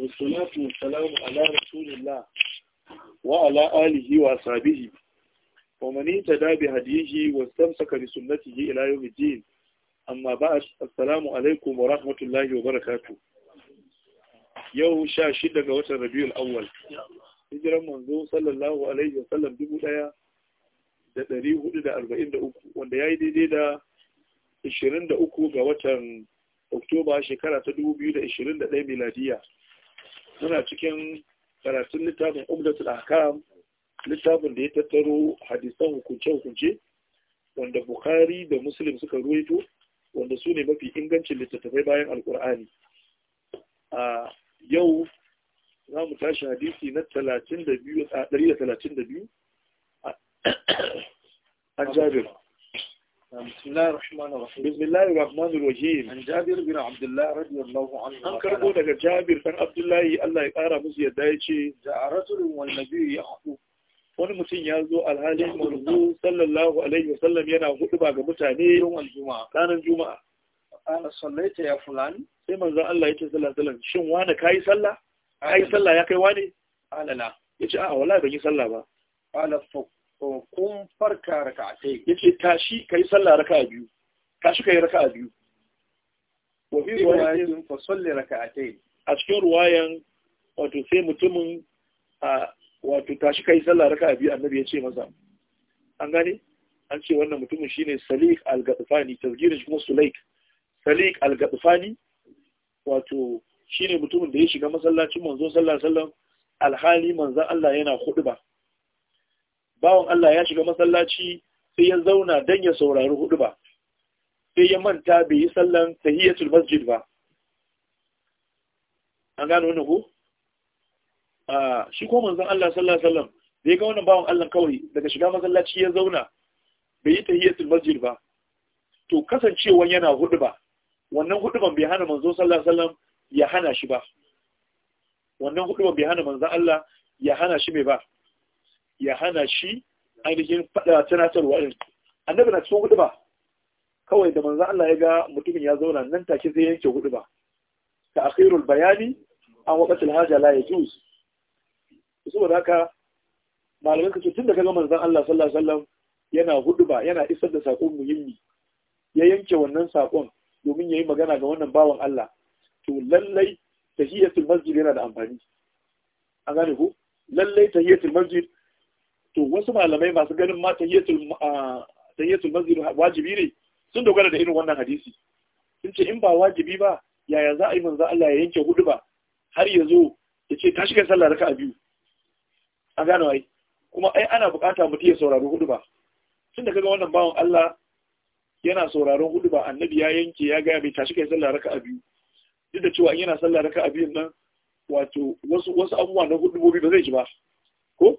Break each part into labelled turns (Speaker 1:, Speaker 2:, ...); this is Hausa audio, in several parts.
Speaker 1: والصلاة والسلام على رسول الله وعلى آله وأصحابه ومن اهتدى بهديه واستمسك بسنته إلى يوم الدين أما بعد السلام عليكم ورحمة الله وبركاته يوم شاشد قوات الربيع الأول hijiran manzo sallallahu alaihi wa sallam dubu daya da dari hudu da arba'in da uku wanda ya yi daidai da ishirin da uku ga watan oktoba shekara ta dubu biyu muna cikin karatun littafin umdatul ahkam littafin da ya tattaro hadisan hukunce-hukunce wanda Bukhari da Muslim suka ruwaito wanda su ne mafi ingancin littattafai bayan alkur'ani A yau za mu tashi hadisi na 132 a Jabir. بسم الله الرحمن الرحيم بسم الله الرحمن الرحيم عن جابر بن عبد الله رضي الله عنه an karbo daga Jabir dan Abdullahi Allah ya kara musu yadda yace ja'a rasulun wal wani mutum ya zo alhalin manzo sallallahu alaihi wasallam yana ba ga mutane yawan juma'a ranar juma'a ana sallaita ya fulani. sai manzo Allah ya ce sallallahu alaihi shin wani kai sallah kai sallah ya kai wani alala yace a'a wallahi ban yi sallah ba ala kun farka raka'atai yace tashi yi sallah a biyu tashi raka a biyu wa ka riwayatin raka a raka'atai a cikin ruwayan wato sai mutumin a wato tashi ka yi sallah a biyu annabi ya ce maza. an gane an ce wannan mutumin shine Salik al-Gadfani tafgirin shi kuma Sulaik Salik al-Gadfani wato shine mutumin da ya shiga masallacin manzo sallallahu alaihi wasallam alhali manzan Allah yana ba. bawan Allah ya shiga masallaci sai ya zauna dan ya saurari hudu ba sai ya manta bai yi sallan tahiyatul masjid ba an gano wannan ko a shi ko manzon Allah sallallahu alaihi wasallam da ga wannan bawan Allah kawai daga shiga masallaci ya zauna bai yi tahiyatul masjid ba to kasancewan yana hudu ba wannan ban bai hana manzo sallallahu alaihi wasallam ya hana shi ba wannan ban bai hana manzon Allah ya hana shi mai ba ya hana shi ainihin faɗa tunatarwa din annabi na cikin hudu ba kawai da manzo Allah ya ga mutumin ya zauna nan take zai yanke hudu ba ta akhirul bayani an waqatul haja la yajuz saboda haka malamin kace tun da kaga manzon Allah sallallahu alaihi wasallam yana hudu ba yana isar da sako muhimmi ya yanke wannan sakon domin yayi magana ga wannan bawan Allah to lallai tahiyatul masjid yana da amfani an gane ku, lallai tahiyatul masjid to wasu malamai masu ganin ma tahiyatul masjid wajibi ne sun dogara da irin wannan hadisi sun ce in ba wajibi ba yaya za a yi manzo Allah ya yanke hudu ba har ya zo ya ce ta shiga sallah raka'a biyu a gano ai kuma ai ana bukata mutum ya saurari hudu ba tun da kaga wannan bawan Allah yana sauraron hudu ba annabi ya yanke ya ga bai tashi kai sallah raka'a biyu duk da cewa in yana sallah raka'a biyu nan wato wasu wasu abubuwa na hudu ba zai ji ba ko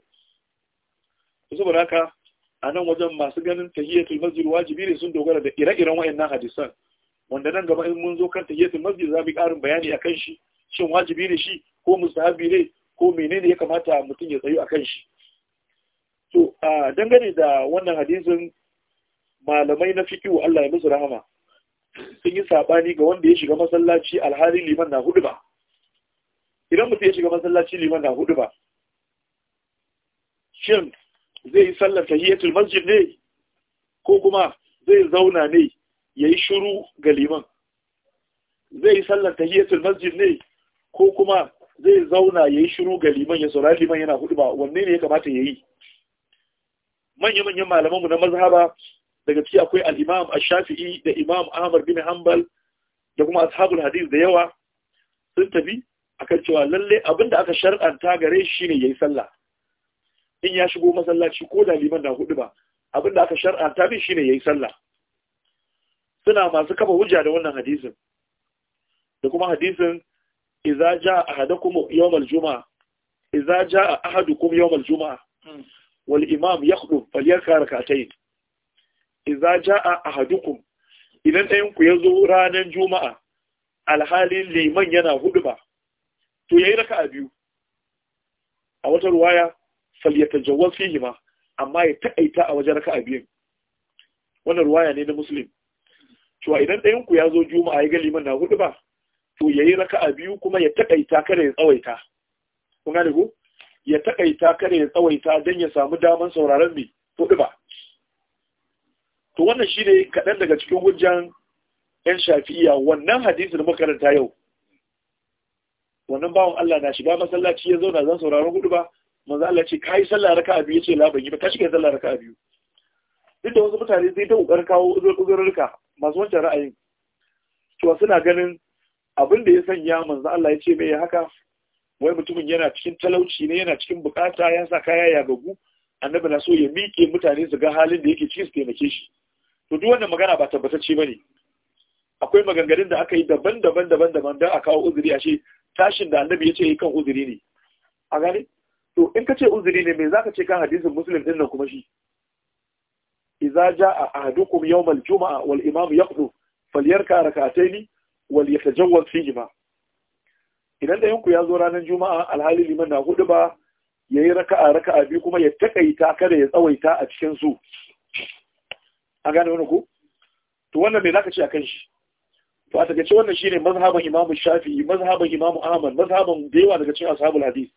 Speaker 1: saboda haka a nan wajen masu ganin tahiyatul masjid wajibi ne sun dogara da ire-iren wayannan hadisan wanda nan gaba in mun zo kan tahiyatul masjid za mu ƙarin bayani akan shi shin wajibi ne shi ko mustahabi ne ko menene ya kamata mutum ya tsayu akan shi to a dangane da wannan hadisin malamai na fiqh Allah ya musu rahama sun yi sabani ga wanda ya shiga masallaci alhali liman na hudu ba idan mutum ya shiga masallaci liman na hudu ba shin zai yi sallar tahiyatul masjid ne ko kuma zai zauna ne yayi shiru ga liman zai yi sallar tahiyatul masjid ne ko kuma zai zauna yayi shiru ga liman ya saurari liman yana hudba wanne ne ya kamata yayi manyan manyan malamanmu na mazhaba daga ciki akwai al-Imam Ash-Shafi'i da Imam Ahmad bin Hanbal da kuma ashabul hadith da yawa sun tafi akan cewa lalle abinda aka shar'anta gare shi ne yayi sallah in ya shigo masallaci ko da liman na hudu ba abin da aka shar'anta min shine yayi sallah suna masu kafa hujja da wannan hadisin da kuma hadisin idza jaa ahadukum yawmal Juma'a idza jaa ahadukum yawmal juma'a hmm. wal imam yakhdhu falyarka rak'atayn idza jaa ahadukum idan ɗayan ku yazo ranar juma'a alhalin liman yana hudu ba to yayi raka'a biyu a wata ruwaya falyatajawwaz fihi ma amma ya taƙaita a wajen raka'a biyu wannan ruwaya ne na muslim cewa idan ɗayan ku ya zo juma'a ya ga liman na hudu ba to yayi raka'a biyu kuma ya taƙaita kada ya tsawaita kun gane ku? ya taƙaita kada ya tsawaita dan ya samu daman sauraron mi hudu ba to wannan shine ne kaɗan daga cikin hujjan 'yan shafi'iya wannan hadisi da makaranta yau wannan bawan Allah na shiga masallaci ya zauna zan sauraron hudu ba manzo Allah ce kai sallah raka biyu yace la ban yi ba ka kai sallah raka biyu duk da wasu mutane sai ta kokar kawo uzurrurka masu wancan ra'ayin to suna ganin abin da ya sanya manzo Allah ya ce mai haka wai mutumin yana cikin talauci ne yana cikin bukata ya sa kaya ya gagu annabi na so ya mike mutane su ga halin da yake ciki su taimake shi to duk wannan magana ba tabbatacce bane akwai maganganun da aka yi daban-daban daban-daban don a kawo uzuri a ce tashin da annabi ya ce kan uzuri ne a gane to in ka ce uzuri ne me zaka ce kan hadisin muslim din nan kuma shi idza jaa ahadukum yawm al-jum'a wal imam yaqdu falyarka rak'ataini wal yatajawwaz fihima idan da yanku ya zo ranar juma'a alhali liman na hudu ba yayi raka'a raka'a biyu kuma ya takaita kada ya tsawaita a cikin su an gane wani ku to wannan me zaka ce akan shi to a ce wannan shine mazhaban imam shafi'i mazhaban imam ahmad mazhaban dewa daga cikin ashabul hadith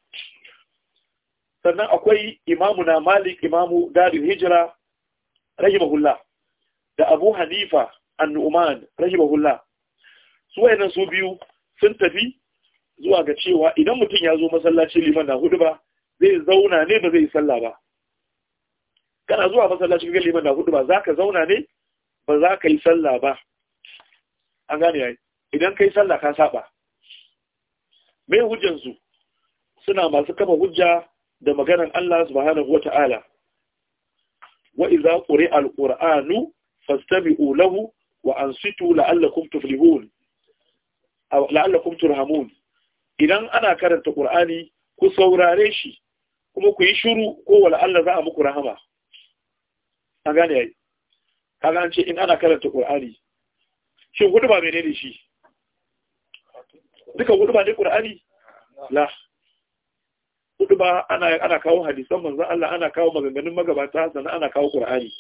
Speaker 1: sannan akwai imamu na malik imamu darul hijira rahimahulla da abu hanifa annu'man rahimahulla su wayannan su biyu sun tafi zuwa ga cewa idan mutum ya zo masallaci liman na hudu ba zai zauna ne ba zai sallah ba kana zuwa masallaci ga liman na hudu ba za ka zauna ne ba za ka yi sallah ba an gane yayi idan kai sallah ka saba Mai hujjansu suna masu kama hujja da maganan Allah subhanahu ta’ala, wa idza quri'a al-qur'anu fastabi'u lahu wa ansitu la'allakum tuflihun aw la'allakum turhamun idan ana karanta qur'ani ku saurare shi kuma ku yi shiru ko wala Allah za a muku rahama an gane yayi kaga an ce in ana karanta qur'ani shin hudu ba ne shi duka hudu ba ne qur'ani la hudu ba ana kawo hadisan manzan Allah ana kawo maganganun magabata sannan ana kawo Qur'ani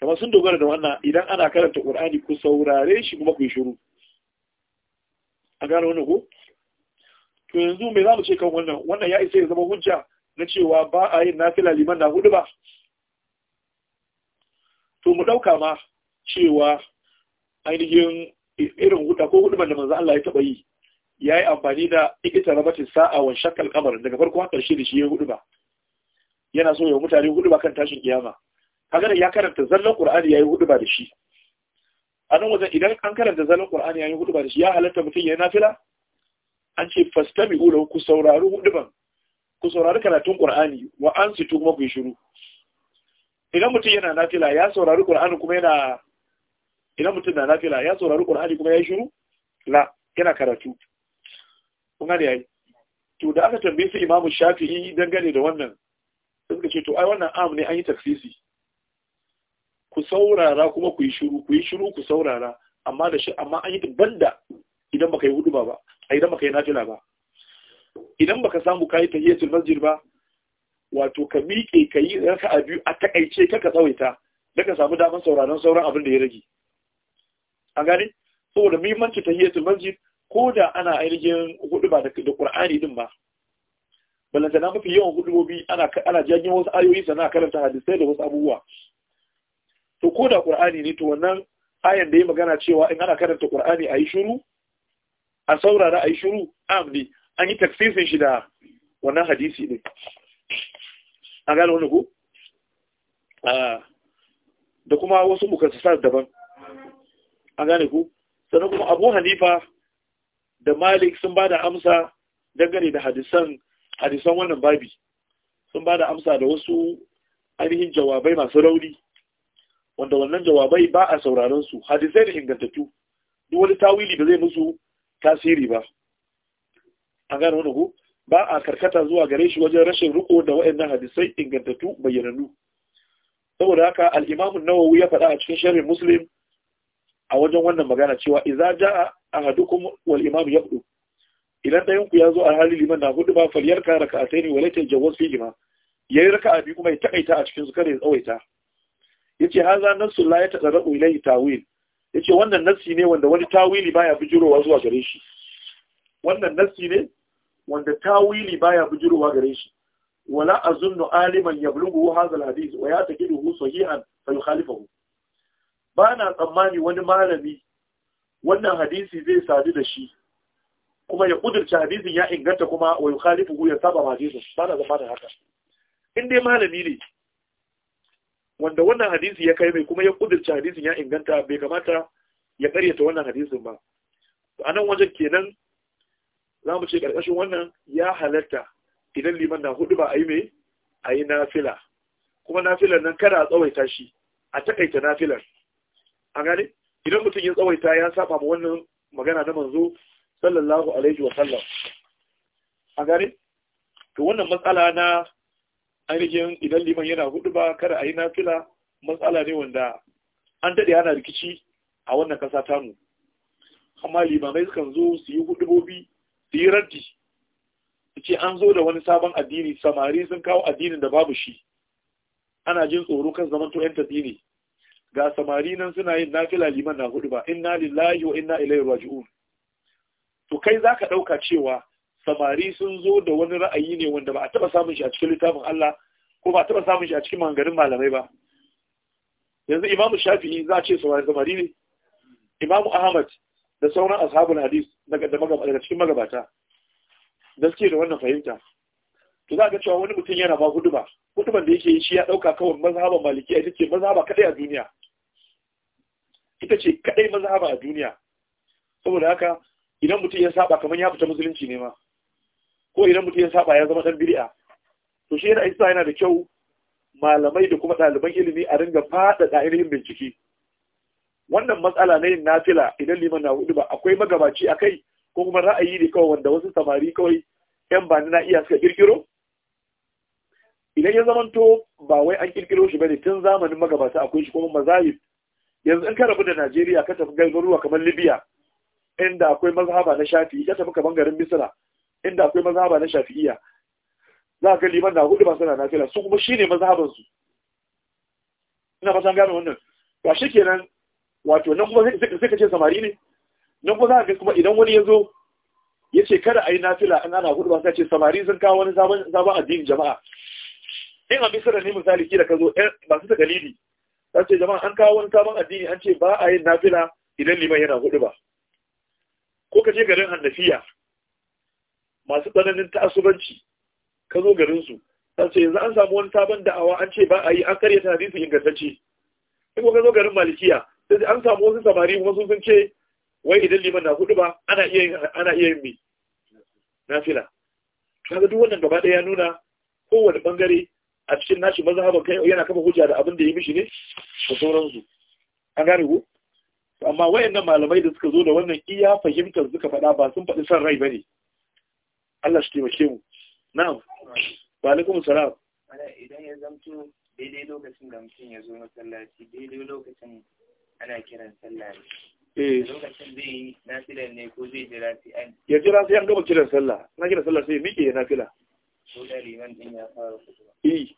Speaker 1: kamar sun dogara da wannan idan ana karanta Qur'ani ku saurare shi kuma ku yi shiru a gano wannan ko to yanzu me za mu ce kan wannan wannan ya isa ya zama hujja na cewa ba a yin nafila liman na hudu ba to mu dauka ma cewa ainihin irin hudu ko hudu da manzo Allah ya taba yi ya yi amfani da ikita rabatin sa'a wa shakkal kamar daga farko haka ƙarshe da shi ya hudu ba yana so ya mutane hudu ba kan tashin kiyama kaga da ya karanta zallan qur'ani yayi hudu ba da shi a nan wajen idan an karanta zallan qur'ani yayi hudu ba da shi ya halatta mutum yayi nafila an ce "Fastami lahu ku saurari hudu ban ku saurari karatun qur'ani wa an kuma ku shiru idan mutum yana nafila ya saurari qur'ani kuma yana idan mutum na nafila ya saurari qur'ani kuma yayi shiru la yana karatu kun gane yayi to da aka tambaye su imamu shafi'i dangane da wannan sun suka ce to ai wannan am ne an yi tafsisi ku saurara kuma ku yi shiru ku yi shiru ku saurara amma da shi amma an yi banda idan baka yi hudu ba a idan baka yi nafila ba idan baka samu kayi tahiyatul masjid ba wato ka miƙe ka yi raka'a biyu a takaice ka ka tsawaita da ka samu damar sauraron sauran abin da ya rage an gane saboda muhimmanci tahiyatul masjid ko da ana ainihin hudu ba da ƙur'ani din ba balanta na mafi yawan hudu ana ana jagin wasu ayoyi sana karanta hadisai da wasu abubuwa to ko da ƙur'ani ne to wannan ayan da ya magana cewa in ana karanta a yi shiru a saurara yi shiru amni an yi taksisin shi da wannan hadisi din A gane wani ku da kuma wasu mukassasar daban an gane ku sannan kuma Abu Hanifa da Malik sun ba da amsa dangane da hadisan wannan babi sun ba da amsa da wasu ainihin jawabai masu rauni wanda wannan jawabai ba a sauraron su hadisai da ingantattu duk wani tawili ba zai musu tasiri ba an gane wani ku ba a karkata zuwa gare shi wajen rashin riko da waɗannan hadisai ingantattu bayyanannu saboda haka al-Imam nawawi ya faɗa a cikin sharhin Muslim a wajen wannan magana cewa idza jaa ahadukum wal imam yaqdu idan dayan ku yazo a hali liman na hudu ba falyar ka raka'atayn wa la tajawaz fi lima yayi raka'a bi kuma ya takaita a cikin su ya tsawaita yace haza nasu la ya tadarru ilai tawil yace wannan nassi ne wanda wani tawili baya bijirowa zuwa gare shi wannan nassi ne wanda tawili baya bijirowa gare shi wala azunnu aliman yablughu hadha alhadith wa yataqiduhu sahihan fa yukhalifuhu bana tsammani wani malami wannan hadisi zai sadu da shi kuma ya kudurci hadisin ya inganta kuma wa yukhalifu ya saba hadisin ba na zama da haka in dai malami ne wanda wannan hadisi ya kai mai kuma ya kudurci hadisin ya inganta bai kamata ya karyata wannan hadisin ba a nan wajen kenan za mu ce karkashin wannan ya halatta idan liman na hudu ba a yi mai a yi nafila kuma nafilar nan kada a tsawaita shi a takaita nafilar a gane idan mutum ya tsawaita ya saba ma wannan magana na manzo sallallahu alaihi wa sallam a gare to wannan matsala na ainihin idan liman yana hudu ba kada a yi nafila matsala ne wanda an daɗe ana rikici a wannan ƙasa tamu amma limamai sukan zo su yi hudubobi su yi raddi ce an zo da wani sabon addini samari sun kawo addinin da babu shi ana jin tsoro kan zaman to 'yan tafi ne ga samari nan suna yin nafila liman na hudu ba inna lillahi wa inna ilaihi raji'un to kai zaka dauka cewa samari sun zo da wani ra'ayi ne wanda ba a taba samun shi a cikin littafin Allah ko ba a taba samun shi a cikin maganganun malamai ba yanzu imamu shafi'i za a ce samari ne imamu ahmad da sauran ashabul hadis daga cikin magabata da suke da wannan fahimta to za ga cewa wani mutum yana ba huduba huduban da yake yi shi ya dauka kawai mazhaban maliki a take mazhaba kadai a duniya ita ce kadai mazhaba a duniya saboda haka idan mutum ya saba kamar ya fita musulunci ne ma ko idan mutum ya saba ya zama dan bid'a to shi yana isa yana da kyau malamai da kuma ɗaliban ilimi a ringa faɗaɗa ainihin bincike wannan matsala na yin nafila idan liman na hudu ba akwai magabaci a kai ko kuma ra'ayi ne kawai wanda wasu samari kawai yan bani na iya suka kirkiro idan ya zamanto ba wai an kirkiro shi bane tun zamanin magabata akwai shi kuma mazahib yanzu in ka rabu da Najeriya ka tafi garuruwa kamar Libya inda akwai mazhaba na Shafi'i ka tafi kamar garin Misra inda akwai mazhaba na Shafi'iyya za ka liman da hudu ba suna fila su kuma shine mazhaban su ina ba san gane wannan ba shi kenan wato nan kuma sai ka ce samari ne nan kuma za ka kuma idan wani ya zo ya ce kada a yi fila in ana hudu ba sai ce samari sun kawo wani sabon addinin jama'a in a misira ne misali ki da ka zo eh, masu takalidi ta ce jama'a an kawo wani sabon addini an ce ba a yin nafila idan liman yana hudu ba ko ka je garin hannafiya masu tsananin ta'asubanci ka zo garin su yanzu an samu wani sabon da'awa an ce ba a yi an karya ta hadisi ingantacce in ka zo garin malikiya sai an samu wasu samari kuma sun ce wai idan liman na hudu ba ana iya yin ana iya yin mi nafila kaga duk wannan gaba ɗaya ya nuna kowane bangare a cikin nashi mazhaban kai yana kafa hujja da abin da ya mishi ne da sauransu an gane ku amma wayannan malamai da suka zo da wannan iya fahimtar suka faɗa ba sun faɗi san rai ba ne. Allah shi taimake mu na'am wa alaikum salam idan ya zamto daidai lokacin da mutum ya zo masallaci daidai lokacin ana kiran sallah ne eh. lokacin zai yi nafilar ne ko zai jira sai an ya jira sai an gama kiran sallah na kiran sallah sai miƙe ya nafila eh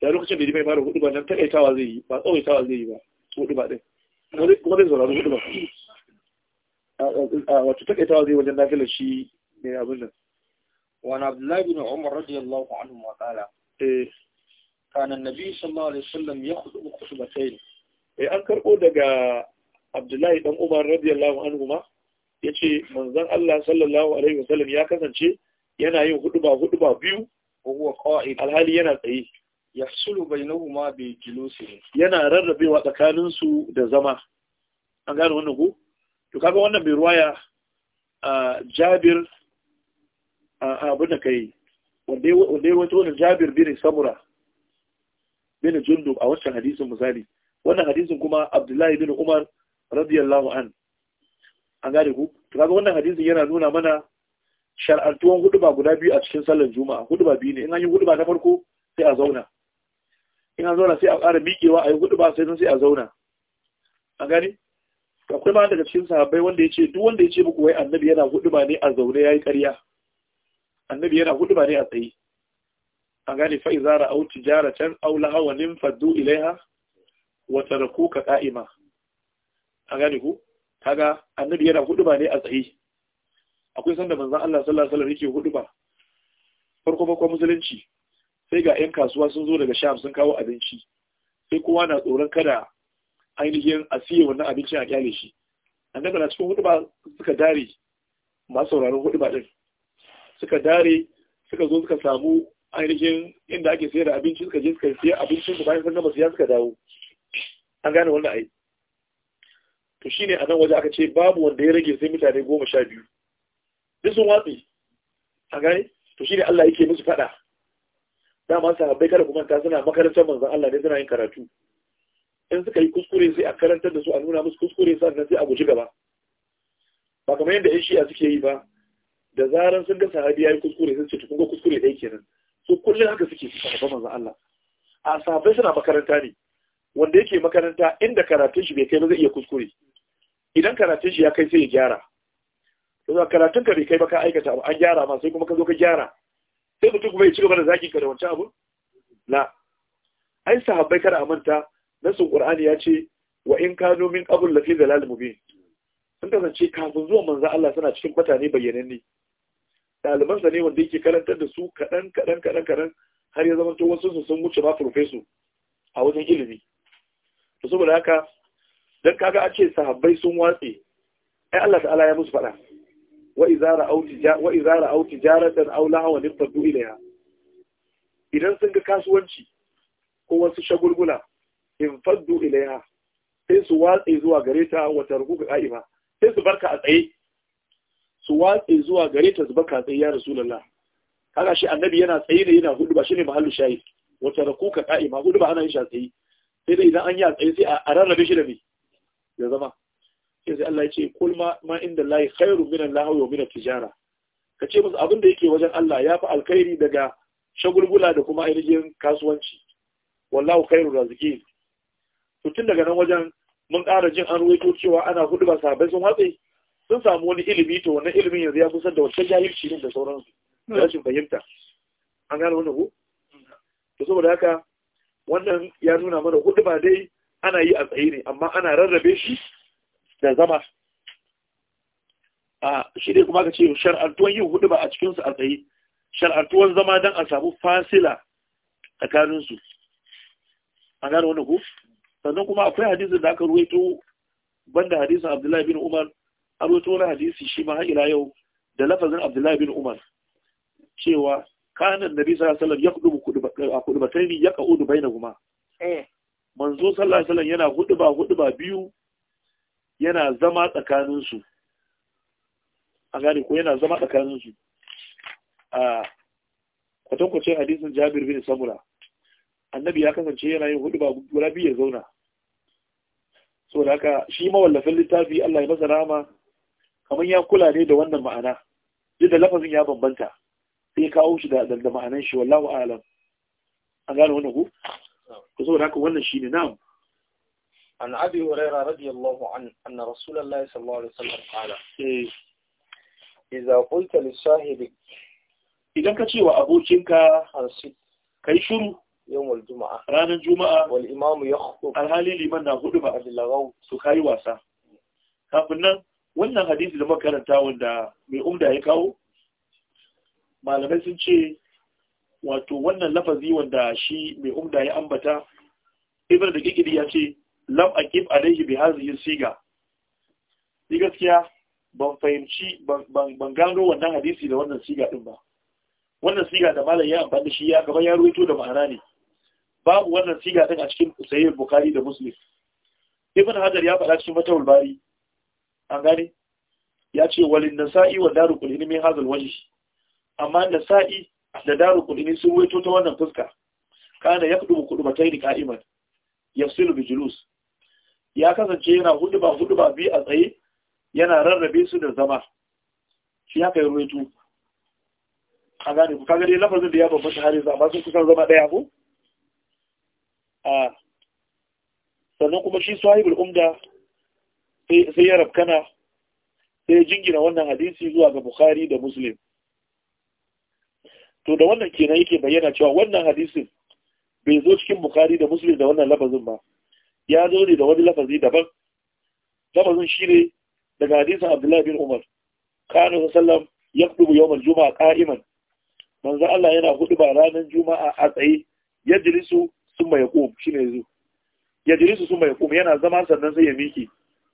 Speaker 1: da lokacin da ya fara hudu ba nan takaitawa zai yi ba tsawaitawa zai yi ba hudu ba din kuma zai saurari hudu ba a wato takaitawa zai wajen nafilar shi ne abin nan wani abdullahi bin umar radiyallahu anhu wa ta'ala eh na nabi sallallahu alaihi wasallam ya khutubu khutbatayn eh an karɓo daga abdullahi dan umar radiyallahu anhu ma yace manzan Allah sallallahu alaihi wa sallam ya kasance yana yin hudu ba biyu wa huwa qa'id alhali yana tsaye yafsulu ma bi jilusi yana rarrabewa tsakanin su da zama an gane wannan ku? to kaga wannan bai ruwaya Jabir A abin da kai wanda ya wato wannan Jabir bin Samura bin Jundub a wancan hadisin misali wannan hadisin kuma Abdullahi bin Umar radiyallahu an an gane ku to kaga wannan hadisin yana nuna mana shar'antuwan huduba guda biyu a cikin sallar juma'a huduba biyu ne in an yi huduba ta farko sai a zauna in an zauna sai a ƙara miƙewa a yi huduba sai sai a zauna a gani akwai ma daga cikin sahabbai wanda ya ce duk wanda ya ce muku wai annabi yana huduba ne a zaune ya yi ƙarya annabi yana huduba ne a tsaye a gani fa iza ra'au tijaratan aw lahawanin faddu ilaiha wa tarakuka qa'ima a gani ku kaga annabi yana huduba ne a tsaye akwai sanda manzan Allah sallallahu alaihi wasallam yake hudu ba farko farko musulunci sai ga 'yan kasuwa sun zo daga sham sun kawo abinci sai kowa na tsoron kada ainihin a siye wannan abincin a kyale shi annabi na cikin ba suka dare ba sauraron ba din suka dare suka zo suka samu ainihin inda ake sayar da abinci suka je suka siya abincin su bayan sun gama siya suka dawo an gane wannan ai to shine a nan waje aka ce babu wanda ya rage sai mutane goma sha biyu duk sun watsi a gare to shi ne Allah yake musu faɗa dama sahabbai kada kuma ta suna makarantar manzan Allah ne suna yin karatu in suka yi kuskure sai a karantar da su a nuna musu kuskure sannan sai a guji gaba ba kamar yadda 'yan shi'a suke yi ba da zaran sun ga sahabi ya yi kuskure sun ce kuskure ɗaya kenan so kullum haka suke su sahabban manzan Allah a sahabbai suna makaranta ne wanda yake makaranta inda karatun shi bai kai ba zai iya kuskure idan karatun shi ya kai sai ya gyara yanzu karatun ka bai kai ba ka aikata abu an gyara ma sai kuma ka zo ka gyara sai mutum kuma ya ci gaba da zagin ka da wancan abu la ai sahabbai kada a manta nasu qur'ani ya ce wa in kanu min qabl lafi dalal mubin sun kasance kafin zuwa manzo Allah suna cikin mutane bayyananne Daliban sa ne wanda yake karantar da su kadan-kadan-kadan kadan har ya zama to wasu su sun wuce ma profeso a wajen ilimi to saboda haka dan kaga a ce sahabbai sun watse ai Allah ta'ala ya musu faɗa wa izara au tijaratan au lahawan irtaddu ilaiha idan sun ga kasuwanci ko wasu shagulgula in faddu ilaiha sai su watse zuwa gare ta wata rukuka ka'ima sai su barka a tsaye su watse zuwa gare ta su barka a tsaye ya rasulullah kaga shi annabi yana tsaye da yana hudu ba shine mahallu shayi wata rukuka ka'ima hudu ba ana yin shi a tsaye sai da idan an yi a tsaye sai a rarrabe shi da me ya zama sai Allah ya ce kul ma ma inda lahi khairu minan Allah wa min tijara ka ce musu abin da yake wajen Allah ya fi alkhairi daga shagulgula da kuma ainihin kasuwanci wallahu khairu raziki to tun daga nan wajen mun ƙara jin an ruwaito cewa ana hudu ba sabai sun hatsi sun samu wani ilimi to wannan ilimin yanzu ya kusa da wata jahilci ne da sauransu rashin fahimta an gane wannan ko to saboda haka wannan ya nuna mana hudu ba dai ana yi a tsaye ne amma ana rarrabe shi da zama a shi ne kuma ka ce shar'antuwan yin hudu ba a cikinsu a tsaye shar'antuwan zama don a samu fasila tsakaninsu a gane wani ku sannan kuma akwai hadisin da aka ruwaito banda hadisin abdullahi bin umar a ruwaito wani hadisi shi ma ila yau da lafazin abdullahi bin umar cewa kanan nabi sallallahu alaihi wasallam ya kudu bataini ya kaudu kuma eh. manzo sallallahu alaihi wasallam yana hudu ba hudu ba biyu yana zama tsakaninsu a gane ko yana zama tsakaninsu a kwatankwace hadisin jabir bin samura annabi ya kasance yana yin hudu ba guda biyu ya zauna da haka shi mawallafin littafi Allah ya masa rama kamar ya kula ne da wannan ma'ana duk da lafazin ya bambanta sai kawo shi da ma'anan shi wallahu a'lam an gane wannan ku to saboda haka wannan shi ne na'am عن أبي هريرة رضي الله عنه أن رسول الله صلى الله عليه وسلم قال إذا قلت لصاحبك إذا كتي وأبوكك أنصت كي شروع يوم الجمعة رانا الجمعة والإمام يخطب الهالي لمن نغضب عن اللغو سكاي واسا كافنا wannan hadisi da makaranta wanda mai umda ya kawo malamai sun ce wato wannan lafazi wanda shi mai umda ya ambata ibn da kikiri ya ce lam aqib alayhi bi hadhihi siga ni gaskiya ban fahimci ban gano wannan hadisi da wannan siga din ba wannan siga da malam ya amfani shi ya gaba ya ruwaito da ma'ana ne babu wannan siga din a cikin sahih bukhari da muslim ibn hajar ya faɗa cikin fatawul bari an gane ya ce walin nasa'i wa daru kulini min hadhal waji amma nasa'i da daru kulini sun ruwaito ta wannan fuska kana yaqdu qudbatayn qa'iman yafsilu bi julus ya kasance yana huduba huduba biyu a tsaye yana rarrabe su da zama shi haka ya ruwaito a gane ku kaga dai lafazin da ya bambanta ta yanzu amma sun kusan zama ɗaya ku? a sannan kuma shi sahibul umda sai ya rabkana sai ya jingina wannan hadisi zuwa ga bukhari da muslim to da wannan kenan yake bayyana cewa wannan hadisin bai zo cikin bukari da muslim da wannan lafazin ba ya zo ne da wani lafazi daban lafazin shi ne daga hadisin abdullahi bin umar kana sallam ya kudu yawon juma'a ka'iman manzo Allah yana hudu ba ranar juma'a a tsaye ya jiri su sun mai kum shi ne zo ya jiri su sun mai kum yana zama sannan sai ya miki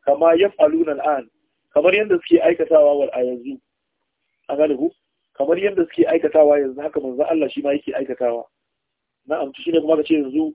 Speaker 1: kama ya faluna an kamar yadda suke aikatawa wa a yanzu a galibu kamar yadda suke aikatawa yanzu haka manzo Allah shi ma yake aikatawa na amci shi ne kuma ka ce yanzu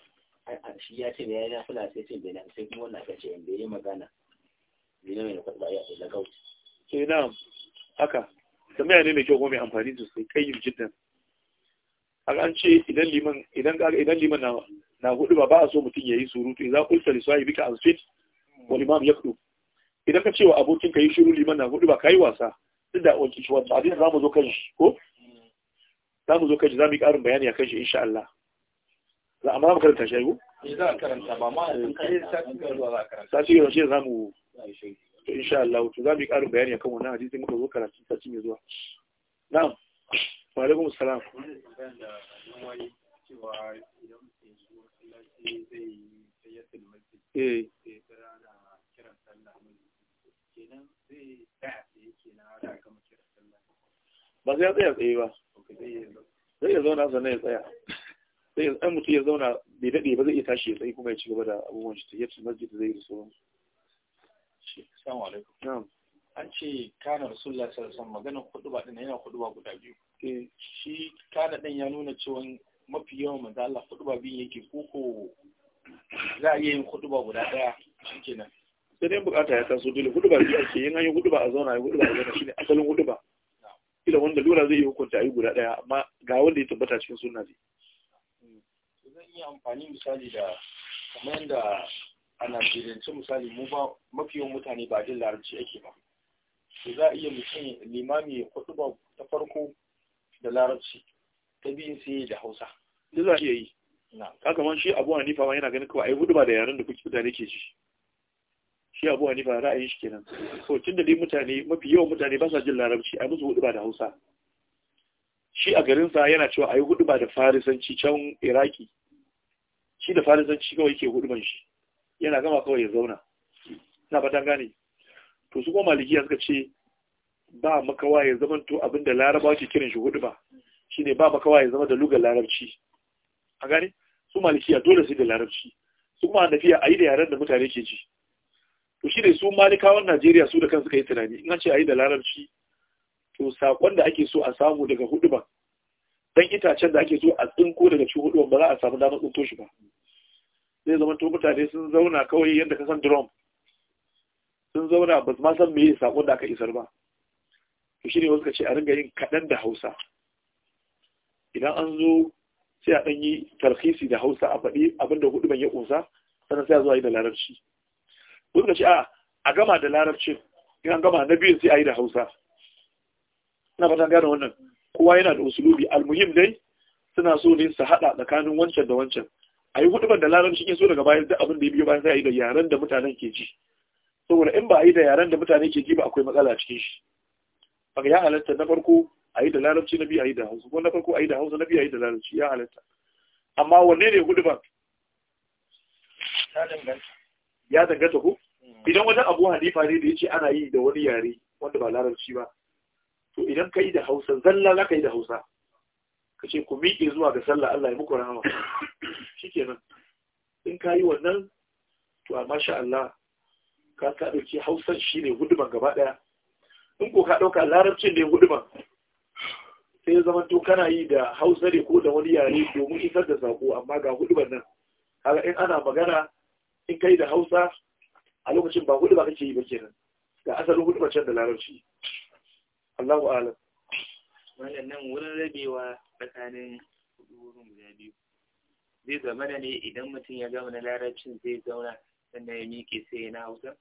Speaker 1: shi ya ce ya yi nafila sai ce bai sai kuma wannan aka ce in bai yi magana bai na mai na kwatsa ya da gauci eh na haka tambaya ne mai kyau kuma mai amfani sosai kai yi jiddan haka an ce idan liman idan kaga idan liman na na hudu ba ba a so mutum ya yi surutu idan kulta li sahibi ka ansfit wal imam yaqdu idan ka ce wa abokin ka yi shiru liman na hudu ba kai wasa duk da wanki shi wannan hadin zamu zo kan shi ko mm. zamu zo kan shi zamu yi karin bayani a akan shi insha Allah za a za mu karanta shi eh, za a karanta ba ma sati yau shi za mu to insha Allah to za mu yi ƙarin bayani akan wannan hadisi muka zo karatu sati mai zuwa na'am wa alaikum salam eh ba zai tsaya tsaye ba zai zauna sannan ya tsaya sai ya ɗan mutum ya zauna bai daɗe ba zai iya tashi ya tsaye kuma ya ci gaba da abubuwan shi tafiya su masjid zai yi da sauran su. Assalamu alaikum. An ce kana Rasulullah sallallahu alaihi maganar kudu ba din yana kudu ba guda biyu. Eh. Shi kana ɗin ya nuna cewa mafi yawan manzo Allah kudu ba biyu yake koko za a iya yin kudu ba guda ɗaya shikenan. Sai dai bukata ya taso dole kudu ba biyu ake yin hanyar kudu ba a zauna ya kudu ba a zauna shine asalin kudu ba. Ila wanda lura zai yi hukunta a yi guda ɗaya amma ga wanda ya tabbata cikin suna ne. iya amfani misali da kamar yadda a najeriyance misali mu ba mafiyan mutane ba jin larabci ake ba to za a iya mutum limami ya kudu ba ta farko da larabci ta biyun sai da hausa duk za a iya yi Na. man shi abu hanifa ma yana ganin kawai ai hudu ba da yaren da kuke mutane ke ji shi abu hanifa ra'ayin shi kenan so tun da mutane mafi yawan mutane ba sa jin larabci ai musu hudu ba da hausa shi a garinsa yana cewa ai hudu ba da farisanci can iraki shi da farisanci kawai ke hudu shi yana gama kawai ya zauna na fatan gane to su kuma malikiya suka ce ba makawa ya zama to abinda larabawa ke kiran shi shi ne ba makawa ya zama da lugar larabci a gane su malikiya dole sai da larabci su kuma a yi da yaren da mutane ke ji to shi ne su malikawan Najeriya su da kansu kai tunani in an ce yi da larabci to sakon da ake so a samu daga ba dan itacen da ake so a tsinko daga cikin hudu ba za a samu damar tsinko shi ba zai zama to mutane sun zauna kawai yadda ka san drum sun zauna ba su ma san me sakon da aka isar ba to shine wasu ka ce a ringa yin kaɗan da hausa idan an zo sai a ɗan yi tarhisi da hausa a faɗi abinda hudu ban ya ƙusa, sannan sai a zuwa yi da larabci wasu ka ce a a gama da larabcin in gama na biyun sai a yi da hausa na fatan gane wannan kowa yana da usulubi almuhim dai suna so ne su hada tsakanin wancan da wancan a yi hudubar da larabci in so daga bayan duk abin da ya biyo bayan sai a yi da yaren da mutanen ke ji saboda in ba a yi da yaren da mutane ke ji ba akwai matsala cikin shi baka ya halatta na farko a yi da larabci na biyu a yi da hausa ko na farko a yi da hausa na biyu a yi da larabci ya halatta amma wanne ne hudubar ya danganta ko hmm. idan wata abu Hadifa ne da ya ce ana yi da wani yare wanda ba larabci ba to idan ka yi da hausa zalla za ka yi da hausa ka ce ku miƙe zuwa ga sallah Allah ya muku rahama shi kenan in ka yi wannan to a masha Allah ka ka ɗauki hausan shi ne huduman gaba ɗaya in ko ka ɗauka larabcin ne huduman sai ya zama to kana yi da hausa ne ko da wani yare domin isar da sako amma ga huduman nan haka in ana magana in kai da hausa a lokacin ba hudu kake yi ba kenan ga asalin huduma can da larabci Allahu alam wannan nan wurin rabewa tsakanin wurin guda biyu zai zama ne idan mutum ya gama na larabcin zai zauna sannan ya miƙe sai na hausa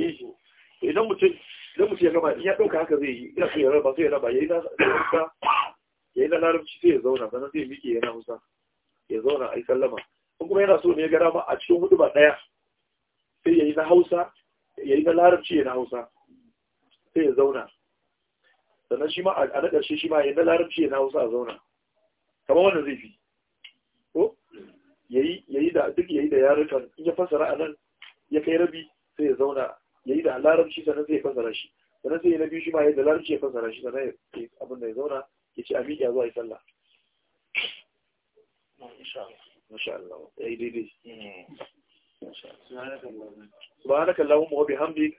Speaker 1: eh, idan mutum idan mutum ya gama ya ɗauka haka zai yi ina so ya raba sai ya raba ya yi na hausa ya yi na larabci sai ya zauna sannan zai miƙe ya na hausa ya zauna a yi sallama in kuma yana so ne ya gara ma a cikin hudu ba ɗaya sai ya yi na hausa ya yi na larabci ya na hausa sai ya zauna sannan shi ma a na ƙarshe shi ma yadda larabci ya na a zauna kamar wannan zai fi ko yayi da duk yayi da yarukan in ya fasara a nan ya kai rabi sai ya zauna yayi da larabci sannan sai ya fasara shi sannan sai ya na biyu shi ma yayi da larabci ya fasara shi sannan abin da ya zauna ya ce a miƙa zuwa ya sallah masha yi daidai hmm. subhanaka Allahumma wa bihamdika